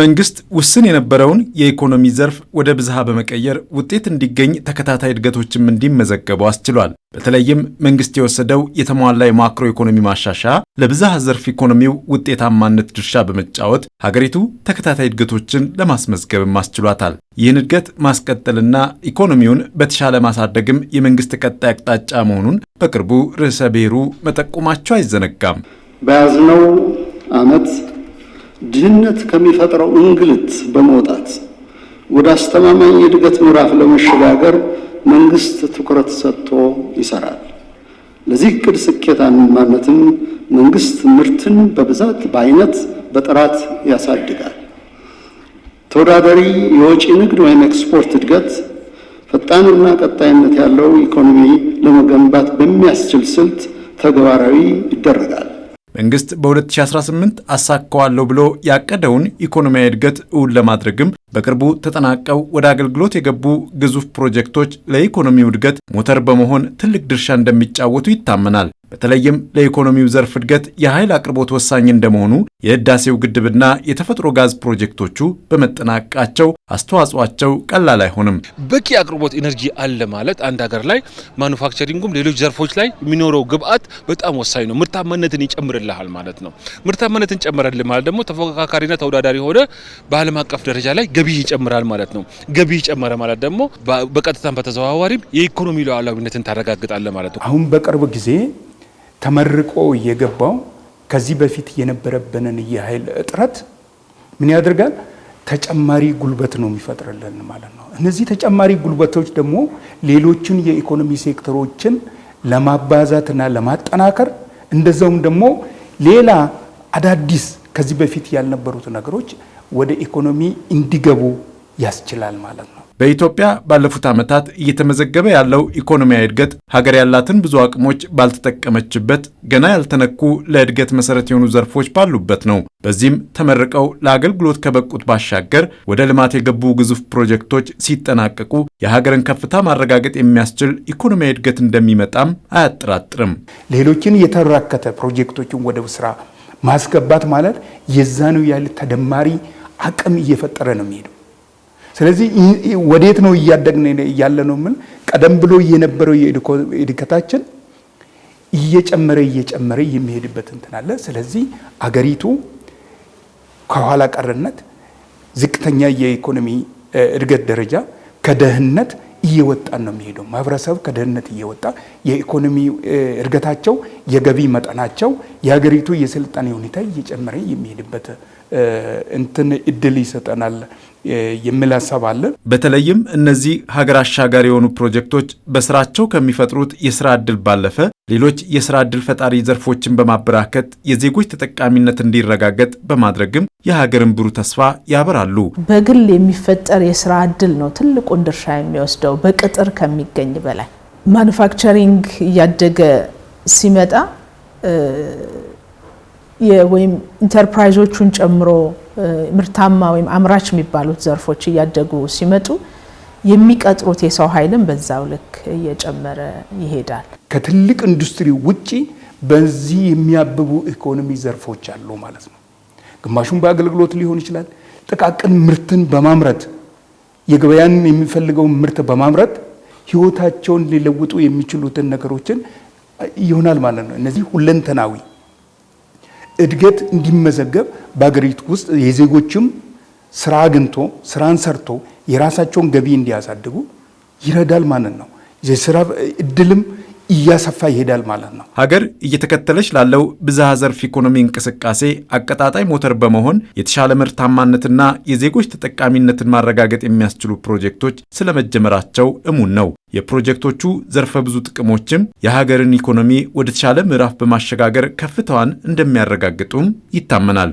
መንግስት ውስን የነበረውን የኢኮኖሚ ዘርፍ ወደ ብዝሃ በመቀየር ውጤት እንዲገኝ ተከታታይ እድገቶችም እንዲመዘገቡ አስችሏል። በተለይም መንግስት የወሰደው የተሟላ የማክሮ ኢኮኖሚ ማሻሻያ ለብዝሃ ዘርፍ ኢኮኖሚው ውጤታማነት ድርሻ በመጫወት ሀገሪቱ ተከታታይ እድገቶችን ለማስመዝገብም አስችሏታል። ይህን እድገት ማስቀጠልና ኢኮኖሚውን በተሻለ ማሳደግም የመንግስት ቀጣይ አቅጣጫ መሆኑን በቅርቡ ርዕሰ ብሔሩ መጠቆማቸው አይዘነጋም። በያዝነው አመት ድህነት ከሚፈጥረው እንግልት በመውጣት ወደ አስተማማኝ የእድገት ምዕራፍ ለመሸጋገር መንግስት ትኩረት ሰጥቶ ይሰራል። ለዚህ እቅድ ስኬታማነትም መንግስት ምርትን በብዛት በአይነት፣ በጥራት ያሳድጋል። ተወዳዳሪ የወጪ ንግድ ወይም ኤክስፖርት እድገት፣ ፈጣንና ቀጣይነት ያለው ኢኮኖሚ ለመገንባት በሚያስችል ስልት ተግባራዊ ይደረጋል። መንግስት በ2018 አሳካዋለሁ ብሎ ያቀደውን ኢኮኖሚያዊ እድገት እውን ለማድረግም በቅርቡ ተጠናቀው ወደ አገልግሎት የገቡ ግዙፍ ፕሮጀክቶች ለኢኮኖሚው እድገት ሞተር በመሆን ትልቅ ድርሻ እንደሚጫወቱ ይታመናል። በተለይም ለኢኮኖሚው ዘርፍ እድገት የኃይል አቅርቦት ወሳኝ እንደመሆኑ የህዳሴው ግድብና የተፈጥሮ ጋዝ ፕሮጀክቶቹ በመጠናቀቃቸው አስተዋጽኦቸው ቀላል አይሆንም። በቂ አቅርቦት ኢነርጂ አለ ማለት አንድ ሀገር ላይ ማኑፋክቸሪንጉም ሌሎች ዘርፎች ላይ የሚኖረው ግብአት በጣም ወሳኝ ነው። ምርታማነትን ይጨምርልሃል ማለት ነው። ምርታማነትን ጨምረልህ ማለት ደግሞ ተፎካካሪና ተወዳዳሪ ሆነ በዓለም አቀፍ ደረጃ ላይ ገቢ ይጨምራል ማለት ነው። ገቢ ይጨመረ ማለት ደግሞ በቀጥታም በተዘዋዋሪም የኢኮኖሚ ሉዓላዊነትን ታረጋግጣለ ማለት ነው። አሁን በቅርብ ጊዜ ተመርቆ እየገባው ከዚህ በፊት የነበረብንን የኃይል እጥረት ምን ያደርጋል? ተጨማሪ ጉልበት ነው የሚፈጥርልን ማለት ነው። እነዚህ ተጨማሪ ጉልበቶች ደግሞ ሌሎችን የኢኮኖሚ ሴክተሮችን ለማባዛትና ለማጠናከር እንደዛውም ደግሞ ሌላ አዳዲስ ከዚህ በፊት ያልነበሩት ነገሮች ወደ ኢኮኖሚ እንዲገቡ ያስችላል ማለት ነው። በኢትዮጵያ ባለፉት ዓመታት እየተመዘገበ ያለው ኢኮኖሚያዊ እድገት ሀገር ያላትን ብዙ አቅሞች ባልተጠቀመችበት ገና ያልተነኩ ለእድገት መሰረት የሆኑ ዘርፎች ባሉበት ነው። በዚህም ተመርቀው ለአገልግሎት ከበቁት ባሻገር ወደ ልማት የገቡ ግዙፍ ፕሮጀክቶች ሲጠናቀቁ የሀገርን ከፍታ ማረጋገጥ የሚያስችል ኢኮኖሚያዊ እድገት እንደሚመጣም አያጠራጥርም። ሌሎችን የተራከተ ፕሮጀክቶችን ወደ ስራ ማስገባት ማለት ነው ያለ ተደማሪ አቅም እየፈጠረ ነው የሚሄደው ስለዚህ ወዴት ነው እያደግን እያለ ነው ምን ቀደም ብሎ የነበረው የእድገታችን እየጨመረ እየጨመረ የሚሄድበት እንትን አለ። ስለዚህ አገሪቱ ከኋላ ቀርነት ዝቅተኛ የኢኮኖሚ እድገት ደረጃ ከደህንነት እየወጣን ነው የሚሄደው። ማህበረሰብ ከደህንነት እየወጣ የኢኮኖሚ እድገታቸው፣ የገቢ መጠናቸው፣ የሀገሪቱ የስልጣኔ ሁኔታ እየጨመረ የሚሄድበት እንትን እድል ይሰጠናል የሚል ሀሳብ አለን። በተለይም እነዚህ ሀገር አሻጋሪ የሆኑ ፕሮጀክቶች በስራቸው ከሚፈጥሩት የስራ ዕድል ባለፈ ሌሎች የስራ ዕድል ፈጣሪ ዘርፎችን በማበራከት የዜጎች ተጠቃሚነት እንዲረጋገጥ በማድረግም የሀገርን ብሩ ተስፋ ያበራሉ። በግል የሚፈጠር የስራ ዕድል ነው ትልቁን ድርሻ የሚወስደው በቅጥር ከሚገኝ በላይ ማኑፋክቸሪንግ እያደገ ሲመጣ ወይም ኢንተርፕራይዞቹን ጨምሮ ምርታማ ወይም አምራች የሚባሉት ዘርፎች እያደጉ ሲመጡ የሚቀጥሩት የሰው ኃይልም በዛው ልክ እየጨመረ ይሄዳል። ከትልቅ ኢንዱስትሪ ውጪ በዚህ የሚያብቡ ኢኮኖሚ ዘርፎች አሉ ማለት ነው። ግማሹም በአገልግሎት ሊሆን ይችላል። ጥቃቅን ምርትን በማምረት የገበያን የሚፈልገውን ምርት በማምረት ህይወታቸውን ሊለውጡ የሚችሉትን ነገሮችን ይሆናል ማለት ነው። እነዚህ ሁለንተናዊ እድገት እንዲመዘገብ በሀገሪቱ ውስጥ የዜጎችም ስራ አግኝቶ ስራን ሰርቶ የራሳቸውን ገቢ እንዲያሳድጉ ይረዳል ማለት ነው። የስራ እድልም እያሰፋ ይሄዳል ማለት ነው። ሀገር እየተከተለች ላለው ብዝሃ ዘርፍ ኢኮኖሚ እንቅስቃሴ አቀጣጣይ ሞተር በመሆን የተሻለ ምርታማነትና የዜጎች ተጠቃሚነትን ማረጋገጥ የሚያስችሉ ፕሮጀክቶች ስለመጀመራቸው እሙን ነው። የፕሮጀክቶቹ ዘርፈ ብዙ ጥቅሞችም የሀገርን ኢኮኖሚ ወደ ተሻለ ምዕራፍ በማሸጋገር ከፍታዋን እንደሚያረጋግጡም ይታመናል።